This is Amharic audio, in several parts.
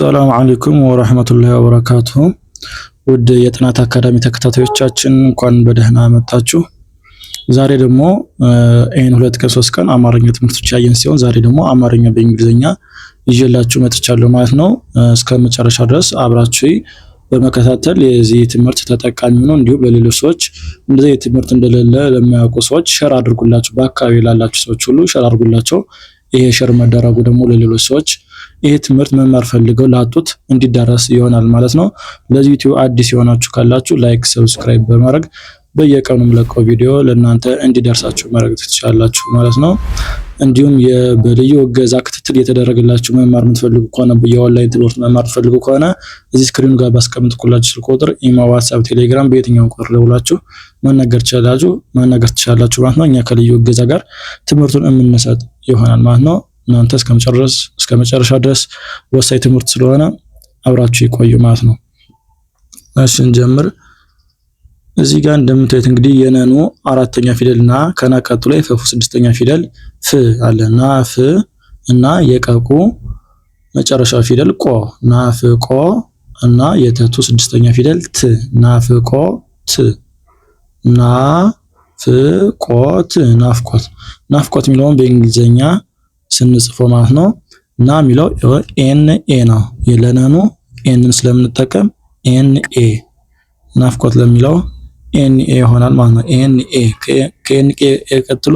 ሰላም አለይኩም ወራህመቱላሂ ወበረካቱሁ። ውድ የጥናት አካዳሚ ተከታታዮቻችን እንኳን በደህና መጣችሁ። ዛሬ ደግሞ ይህን ሁለት ቀን ሶስት ቀን አማርኛ ትምህርቶች ያየን ሲሆን ዛሬ ደግሞ አማርኛ በእንግሊዝኛ ይዤላችሁ መጥቻለሁ ማለት ነው። እስከ መጨረሻ ድረስ አብራችሁ በመከታተል የዚህ ትምህርት ተጠቃሚ ነው። እንዲሁም ለሌሎች ሰዎች እንደዚህ ትምህርት እንደሌለ ለማያውቁ ሰዎች ሸር አድርጉላቸው። በአካባቢ ላላችሁ ሰዎች ሁሉ ሸር አድርጉላቸው። ይሄ ሸር መደረጉ ደግሞ ለሌሎች ሰዎች ይህ ትምህርት መማር ፈልገው ላጡት እንዲዳረስ ይሆናል ማለት ነው። ለዚህ ዩቲዩብ አዲስ የሆናችሁ ካላችሁ ላይክ፣ ሰብስክራይብ በማድረግ በየቀኑ ምለቀው ቪዲዮ ለእናንተ እንዲደርሳችሁ ማድረግ ትችላላችሁ ማለት ነው። እንዲሁም በልዩ እገዛ ክትትል የተደረገላችሁ መማር የምትፈልጉ ከሆነ የኦንላይን ትምህርት መማር የምትፈልጉ ከሆነ እዚህ ስክሪኑ ጋር ባስቀምጥኩላችሁ ስልክ ቁጥር ኢሞ፣ ዋትሳፕ፣ ቴሌግራም በየትኛውን ቁጥር ደውላችሁ ማናገር ትችላላችሁ ማናገር ትችላላችሁ ማለት ነው። እኛ ከልዩ እገዛ ጋር ትምህርቱን የምንሰጥ ይሆናል ማለት ነው። እናንተ እስከ መጨረሻ ድረስ ወሳኝ ትምህርት ስለሆነ አብራችሁ ይቆዩ ማለት ነው። እሺ እንጀምር። እዚህ ጋር እንደምታዩት እንግዲህ የነኑ አራተኛ ፊደል ና ከና ቀጥሎ የፈፉ ስድስተኛ ፊደል ፍ አለ። ና ፍ እና የቀቁ መጨረሻ ፊደል ቆ ና ፍ ቆ እና የተቱ ስድስተኛ ፊደል ት ና ፍ ቆ ት ና ፍ ቆ ት ናፍቆት ናፍቆት የሚለውን በእንግሊዝኛ ስንጽፎ ማለት ነው። ና የሚለው ኤን ኤ ነው። ለነኑ ኤንን ስለምንጠቀም ኤን ኤ ናፍቆት ለሚለው ኤን ኤ ይሆናል ማለት ነው። ኤን ኤ ከኤን ኤ ቀጥሎ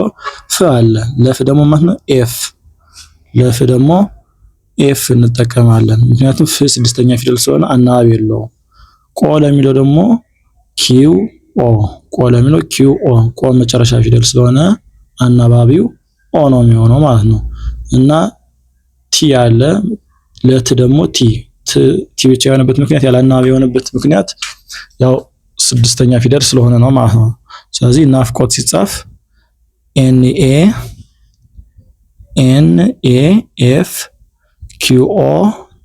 ፍ አለ። ለፍ ደግሞ ማለት ነው ኤፍ ለፍ ደግሞ ኤፍ እንጠቀማለን። ምክንያቱም ፍ ስድስተኛ ፊደል ስለሆነ አናባቢ የለውም። ቆ ለሚለው ደግሞ ኪው ኦ ቆ ለሚለው ኪው ኦ ቆ መጨረሻ ፊደል ስለሆነ አናባቢው ኦ ነው የሚሆነው ማለት ነው። እና ቲ አለ። ለት ደግሞ ቲ ቲ ብቻ የሆነበት ምክንያት ያለ አናባቢ የሆነበት ምክንያት ያው ስድስተኛ ፊደል ስለሆነ ነው ማለት ነው። ስለዚህ ናፍቆት ሲጻፍ ኤን ኤ ኤን ኤ ኤፍ ኦ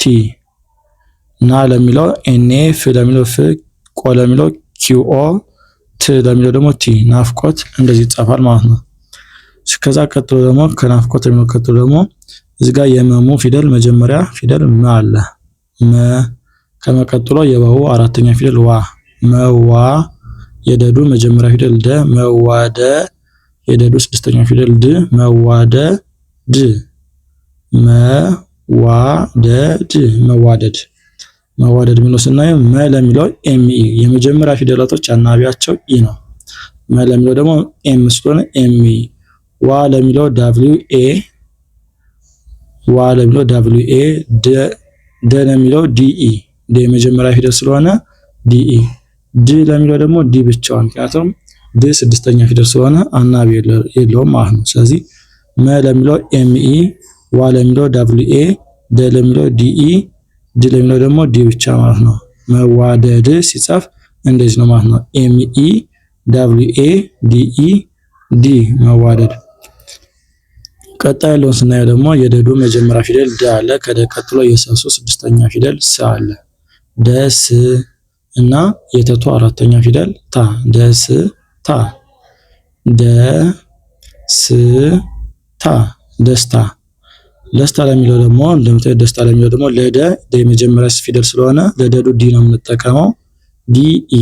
ቲ ና ለሚለው ኤን ኤ ፍ ለሚለው ፍ ቆ ለሚለው ኦ ት ለሚለው ደግሞ ቲ ናፍቆት እንደዚህ ይጻፋል ማለት ነው። ከዛ ቀጥሎ ደግሞ ከናፍቆት የሚለው ቀጥሎ ደግሞ እዚህ ጋር የመሙ ፊደል መጀመሪያ ፊደል መ አለ መ ከመቀጥሎ የበው አራተኛ ፊደል ዋ መዋ የደዱ መጀመሪያ ፊደል ደ መዋደ የደዱ ስድስተኛ ፊደል ድ መዋደ ድ መዋደድ መዋደድ መዋደድ የሚለው ስናየው መ ለሚለው ኤም ኢ የመጀመሪያ ፊደላቶች አናቢያቸው ኢ ነው። መ ለሚለው ደግሞ ኤም ስለሆነ ኤም ኢ ዋ ለሚለው ዳብሊው ኤ ዋ ለሚለው ዳብሊው ኤ ደ ለሚለው ዲኢ ደ የመጀመሪያ ፊደል ስለሆነ ዲኢ ድ ለሚለው ደግሞ ዲ ብቻዋን ምክንያቱም ድ ስድስተኛ ፊደል ስለሆነ አናቢ የለውም ማለት ነው። ስለዚህ መ ለሚለው ኤምኢ ዋ ለሚለው ዳብሊው ኤ ደ ለሚለው ዲኢ ድ ለሚለው ደግሞ ዲ ብቻ ማለት ነው። መዋደድ ሲጻፍ እንደዚህ ነው ማለት ነው። ኤምኢ ዳብሊው ኤ ዲኢ ዲ መዋደድ ቀጣይ ያለውን ስናየው ደግሞ የደዱ መጀመሪያ ፊደል ደ አለ። ከደ ቀጥሎ የሰሱ ስድስተኛ ፊደል ስ አለ። ደስ እና የተቱ አራተኛ ፊደል ታ ደስ ታ ደ ስ ታ ደስታ ደስታ ለሚለው ደግሞ እንደምታዩት ደስታ ለሚለው ደግሞ ለደ የመጀመሪያ ፊደል ስለሆነ ለደዱ ዲ ነው የምንጠቀመው ዲ ኢ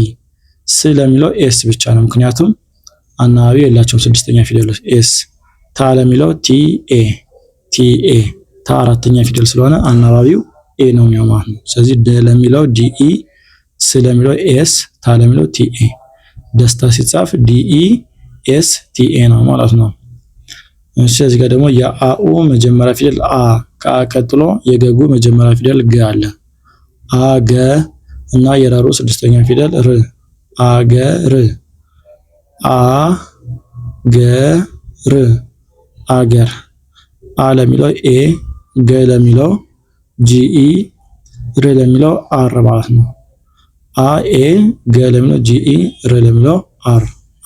ስ ለሚለው ኤስ ብቻ ነው። ምክንያቱም አናባቢ የላቸውም ስድስተኛ ፊደል ኤስ ታ ለሚለው ቲኤ ቲኤ ታ አራተኛ ፊደል ስለሆነ አናባቢው ኤ ነው የሚሆነው ማለት ነው። ስለዚህ ደ ለሚለው ዲኢ፣ ስ ለሚለው ኤስ፣ ታ ለሚለው ቲኤ ደስታ ሲጻፍ ዲኢ ኤስ ቲኤ ነው ማለት ነው። እሺ እዚህ ጋር ደግሞ የአኡ መጀመሪያ ፊደል አ፣ ከአ ቀጥሎ የገጉ መጀመሪያ ፊደል ገ አለ። አ ገ እና የራሩ ስድስተኛ ፊደል ር፣ አገ ር፣ አገር ር ር አገር አ ለሚለው ኤ ገ ለሚለው ጂኢ ር ለሚለው አር ማለት ነው። አ ኤ ገ ለሚለው ጂኢ ር ለሚለው አር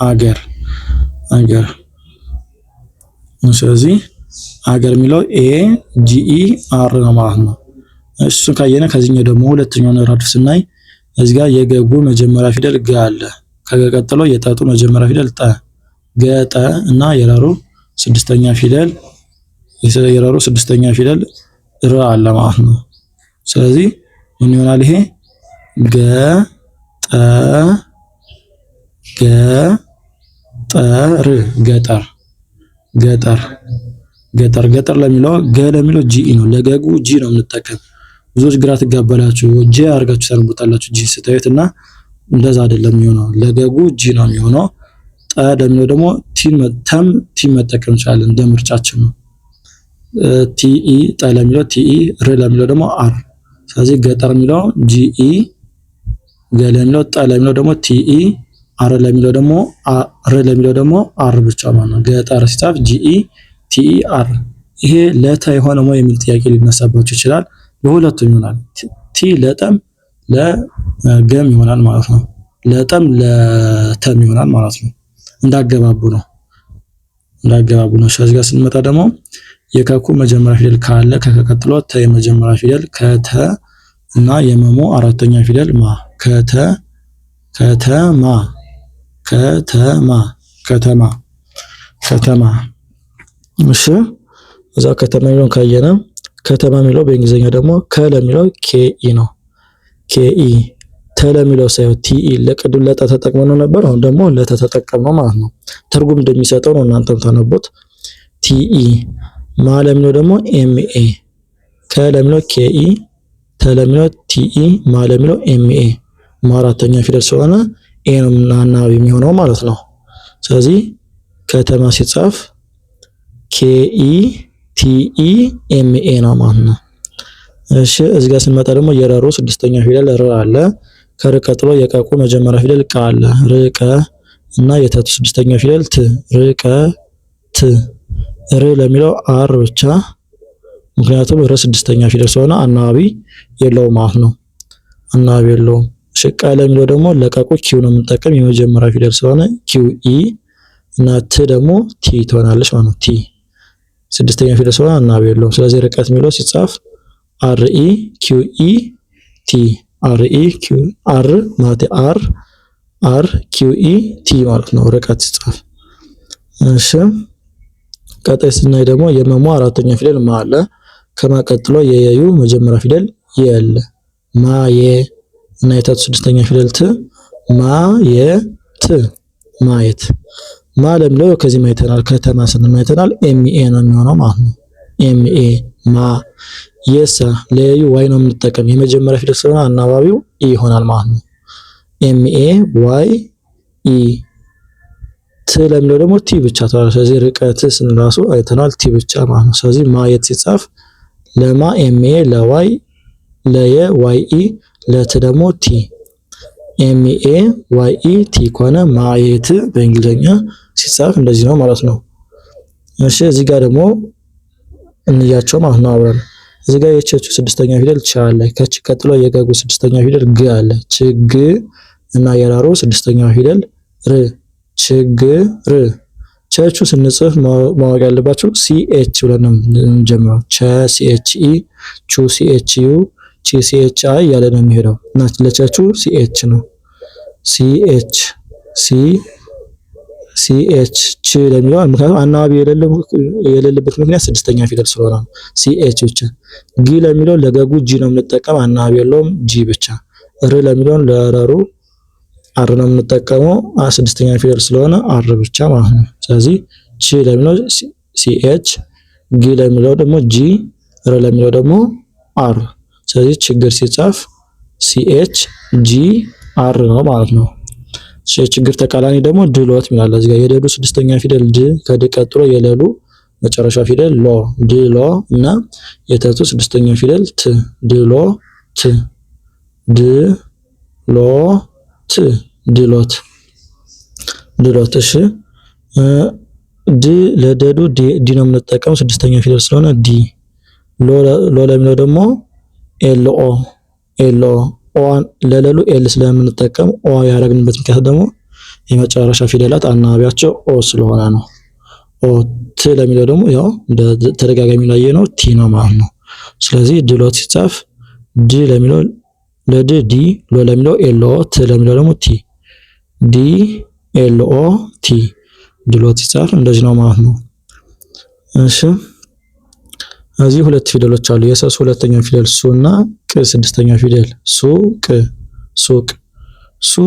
አገር አገር። ስለዚህ አገር የሚለው ኤ ጂኢ አር ነው ማለት ነው። እሱን ካየነ ከዚህኛው ደግሞ ሁለተኛውን ረድፍ ስናይ እዚህ ጋር የገጉ መጀመሪያ ፊደል ገ አለ። ከገ ቀጥሎ የጠጡ መጀመሪያ ፊደል ጠ ገጠ እና የረሩ ስድስተኛ ፊደል የረሩ ስድስተኛ ፊደል ረ አለ ማለት ነው። ስለዚህ ምን ይሆናል ይሄ ገ ጠ ገ ጠር ገጠር ገጠር ገጠር ገጠር ለሚለው ገ ለሚለው ጂ ነው። ለገጉ ጂ ነው የምንጠቀም። ብዙዎች ግራ ትጋባላችሁ። ጄ አድርጋችሁ ታነቡታላችሁ ጂ ስታዩት እና እንደዛ አይደለም የሚሆነው። ለገጉ ጂ ነው የሚሆነው። ጠ ለሚለው ደግሞ ተም ቲም መጠቀም እንችላለን። እንደ ምርጫችን ነው። ቲኢ ጠ ለሚለው ቲኢ፣ ር ለሚለው ደግሞ አር። ስለዚህ ገጠር የሚለው ጂኢ፣ ገ ለሚለው ጠ ለሚለው ደግሞ ቲኢ፣ አር ለሚለው ደግሞ ር ለሚለው ደግሞ አር ብቻ ማለት ነው። ገጠር ሲጻፍ ጂኢ፣ ቲኢ፣ አር። ይሄ ለተ የሆነ ሞ የሚል ጥያቄ ሊነሳባቸው ይችላል። ለሁለቱም ይሆናል። ቲ ለጠም ለገም ይሆናል ማለት ነው። ለጠም ለተም ይሆናል ማለት ነው። እንዳገባቡ ነው እንዳገባቡ ነው። እሺ ጋር ስንመጣ ደግሞ የከኩ መጀመሪያ ፊደል ካለ ከከቀጥሎ ተ የመጀመሪያ ፊደል ከተ እና የመሞ አራተኛ ፊደል ማ ከተ ከተማ ከተማ ከተማ ከተማ። እሺ እዛ ከተማ የሚለውን ካየነ ከተማ የሚለው በእንግሊዝኛ ደግሞ ከለሚለው ኢ ነው ኢ ተለሚለው ሳይሆን ቲኢ ለቅድም ለጠ ነው ነበር። አሁን ደግሞ ለተ ነው ማለት ነው። ትርጉም እንደሚሰጠው ነው። እናንተም ተነቦት ቲኢ ማ ለሚለው ደግሞ ኤምኤ ከለሚለው ኬኢ ተለሚለው ቲኢ ማ ለሚለው ኤምኤ ማራተኛ ፊደል ስለሆነ ኤ ነው አናባቢ የሚሆነው ማለት ነው። ስለዚህ ከተማ ሲጻፍ ኬኢ ቲኢ ኤምኤ ነው ማለት ነው። እሺ እዚህ ጋር ስንመጣ ደግሞ የረሩ ስድስተኛ ፊደል ር አለ። ከር ቀጥሎ የቀቁ መጀመሪያ ፊደል ቃ አለ። ርቀ እና የተቱ ስድስተኛ ፊደል ት ርቀ ት ር ለሚለው አር ብቻ ምክንያቱም ር ስድስተኛ ፊደል ስለሆነ አናባቢ የለውም ማለት ነው። አናባቢ የለውም። ሽቃ ለሚለው ደግሞ ለቀቁ ኪው ነው የምንጠቀም የመጀመሪያ ፊደል ስለሆነ ኪው ኢ እና ት ደግሞ ቲ ትሆናለች ማለት ነው። ቲ ስድስተኛ ፊደል ስለሆነ አናባቢ የለውም። ስለዚህ ርቀት የሚለው ሲጻፍ አር ኢ ኪው ኢ ቲ አር ኢ ኪው አር ማለት አር አር ኪው ኢ ቲ ማለት ነው ርቀት ሲጻፍ። እሺ ቀጣይ ስናይ ደግሞ የመሙ አራተኛ ፊደል ማ አለ። ከማቀጥሎ የየዩ መጀመሪያ ፊደል የለ ማ የ እና የታቱ ስድስተኛ ፊደል ት ማ የ ት ማየት ማ ለሚለው ከዚህ ማይተናል ከተማ ስንል ማይተናል ኤምኤ ነው የሚሆነው ማለት ነው። ኤምኤ ማ የሰ ለዩ ዋይ ነው የምንጠቀም የመጀመሪያ ፊደል ስለሆነ አናባቢው ኢ ይሆናል ማለት ነው። ኤ ዋይ ኢ ት ለሚለው ደግሞ ቲ ብቻ ተባለ። ስለዚህ ርቀት ስንራሱ አይተናል ቲ ብቻ ማለት ነው። ስለዚህ ማየት ሲጻፍ ለማ ኤምኤ ለዋይ ለየ ዋይ ኢ ለት ደግሞ ቲ ኤምኤ ዋይ ኢ ቲ ከሆነ ማየት በእንግሊዝኛ ሲጻፍ እንደዚህ ነው ማለት ነው። እሺ እዚህ ጋር ደግሞ እንያቸው ማለት ነው አብረን እዚህ ጋር የቸቹ ስድስተኛው ፊደል ቻ አለ። ከች ቀጥሎ የገጉ ስድስተኛው ፊደል ግ አለ። ችግ እና የራሮ ስድስተኛው ፊደል ር ር ቸቹ ስንጽፍ ማወቅ ያለባችሁ ሲኤች ብለን ነው የምንጀምረው። ቸ ሲኤች ኢ፣ ቹ ሲኤች ዩ፣ ቺ ሲኤች አይ ያለ ነው የሚሄደው እና ለቸቹ ሲኤች ነው ሲኤች ሲ ሲኤች ች ለሚለው ምክንያቱም አናባቢ የሌለበት ምክንያት ስድስተኛ ፊደል ስለሆነ ነው። ሲኤች ብቻ። ጊ ለሚለው ለገጉ ጂ ነው የምንጠቀም፣ አናባቢ የለውም ጂ ብቻ። ር ለሚለውን ለረሩ አር ነው የምንጠቀመው፣ ስድስተኛ ፊደል ስለሆነ አር ብቻ ማለት ነው። ስለዚህ ች ለሚለው ሲኤች፣ ጊ ለሚለው ደግሞ ጂ፣ ር ለሚለው ደግሞ አር። ስለዚህ ችግር ሲጻፍ ሲኤች ጂ አር ነው ማለት ነው። የችግር ተቃላኒ ደግሞ ድሎት ይላል። እዚህ ጋር የደዱ ስድስተኛ ፊደል ድ ከድ ቀጥሎ የለሉ መጨረሻ ፊደል ሎ ድሎ እና የተቱ ስድስተኛ ፊደል ት ድሎ ት ድ ሎ ት ድሎት ድሎት። እሺ ድ ለደዱ ዲ ነው የምንጠቀመው ስድስተኛ ፊደል ስለሆነ ዲ ሎ ለሚለው ደግሞ ኤልኦ ኤልኦ ኦዋን ለለሉ ኤል ስለምንጠቀም ኦ ያደረግንበት ምክንያት ደግሞ የመጨረሻ ፊደላት አናባቢያቸው ኦ ስለሆነ ነው። ኦ ት ለሚለው ደግሞ ያው ተደጋጋሚ ላይ ነው ቲ ነው ማለት ነው። ስለዚህ ድሎት ሲጻፍ ድ ለሚለው ለድ ዲ፣ ሎ ለሚለው ኤል ኦ፣ ት ለሚለው ደግሞ ቲ ዲ ኤል ኦ ቲ ድሎት ሲጻፍ እንደዚህ ነው ማለት ነው። እሺ እዚህ ሁለት ፊደሎች አሉ። የሰሱ ሁለተኛው ፊደል ሱ እና ቅ ስድስተኛው ፊደል ሱ ቅ ሱቅ። ሱ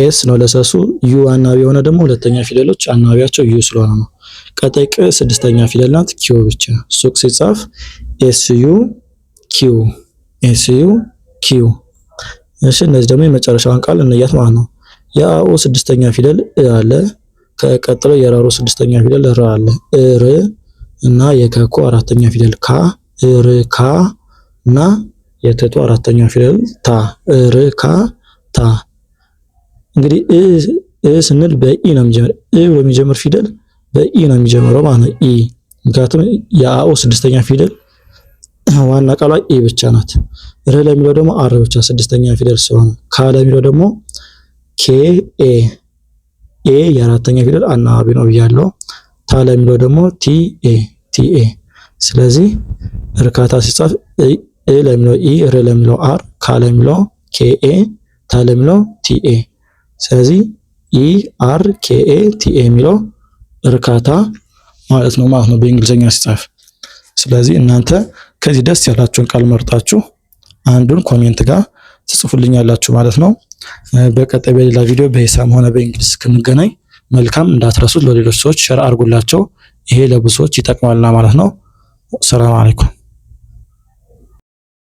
ኤስ ነው ለሰሱ። ዩ አናቢ የሆነ ደግሞ ሁለተኛ ፊደሎች አናቢያቸው ዩ ስለሆነ ነው። ቀጣይ ቅ ስድስተኛ ፊደል ናት። ኪው ብቻ ሱቅ ሲጻፍ ኤስ ዩ ኤስዩ ኤስ ዩ ኪው። እሺ እነዚህ ደግሞ የመጨረሻውን ቃል እንያት ማለት ነው። የአኡ ስድስተኛ ፊደል አለ። ከቀጥሎ የራሩ ስድስተኛ ፊደል ራ አለ ር እና የከኮ አራተኛ ፊደል ካ ርካ እና የተቶ አራተኛ ፊደል ታ ርካ ታ። እንግዲህ እ ስንል በኢ ነው የሚጀምር እ ብሎ የሚጀምር ፊደል በኢ ነው የሚጀምረው ማለት ነው። ኢ ምክንያቱም የአኦ ስድስተኛ ፊደል ዋና ቃሏ ኤ ብቻ ናት። ር ለሚለው ደግሞ አር ብቻ ስድስተኛ ፊደል ሲሆን ካ ለሚለው ደግሞ ኬ ኤ ኤ የአራተኛ ፊደል አናባቢ ነው ብያለሁ። ታ ለሚለው ደግሞ ቲኤ ቲኤ። ስለዚህ እርካታ ሲጻፍ ኤ ለሚለው ኢ፣ ር ለሚለው አር፣ ካ ለሚለው ኬኤ፣ ታ ለሚለው ቲኤ። ስለዚህ ኢ አር ኬኤ ቲኤ የሚለው እርካታ ማለት ነው ማለት ነው በእንግሊዝኛ ሲጻፍ። ስለዚህ እናንተ ከዚህ ደስ ያላችሁን ቃል መርጣችሁ አንዱን ኮሜንት ጋር ትጽፉልኛላችሁ ማለት ነው። በቀጣይ በሌላ ቪዲዮ በሂሳብ ሆነ በእንግሊዝ እስክንገናኝ መልካም እንዳትረሱት፣ ለሌሎች ሰዎች ሸር አድርጉላቸው። ይሄ ለብዙ ሰዎች ይጠቅማልና ማለት ነው። ሰላም አለይኩም።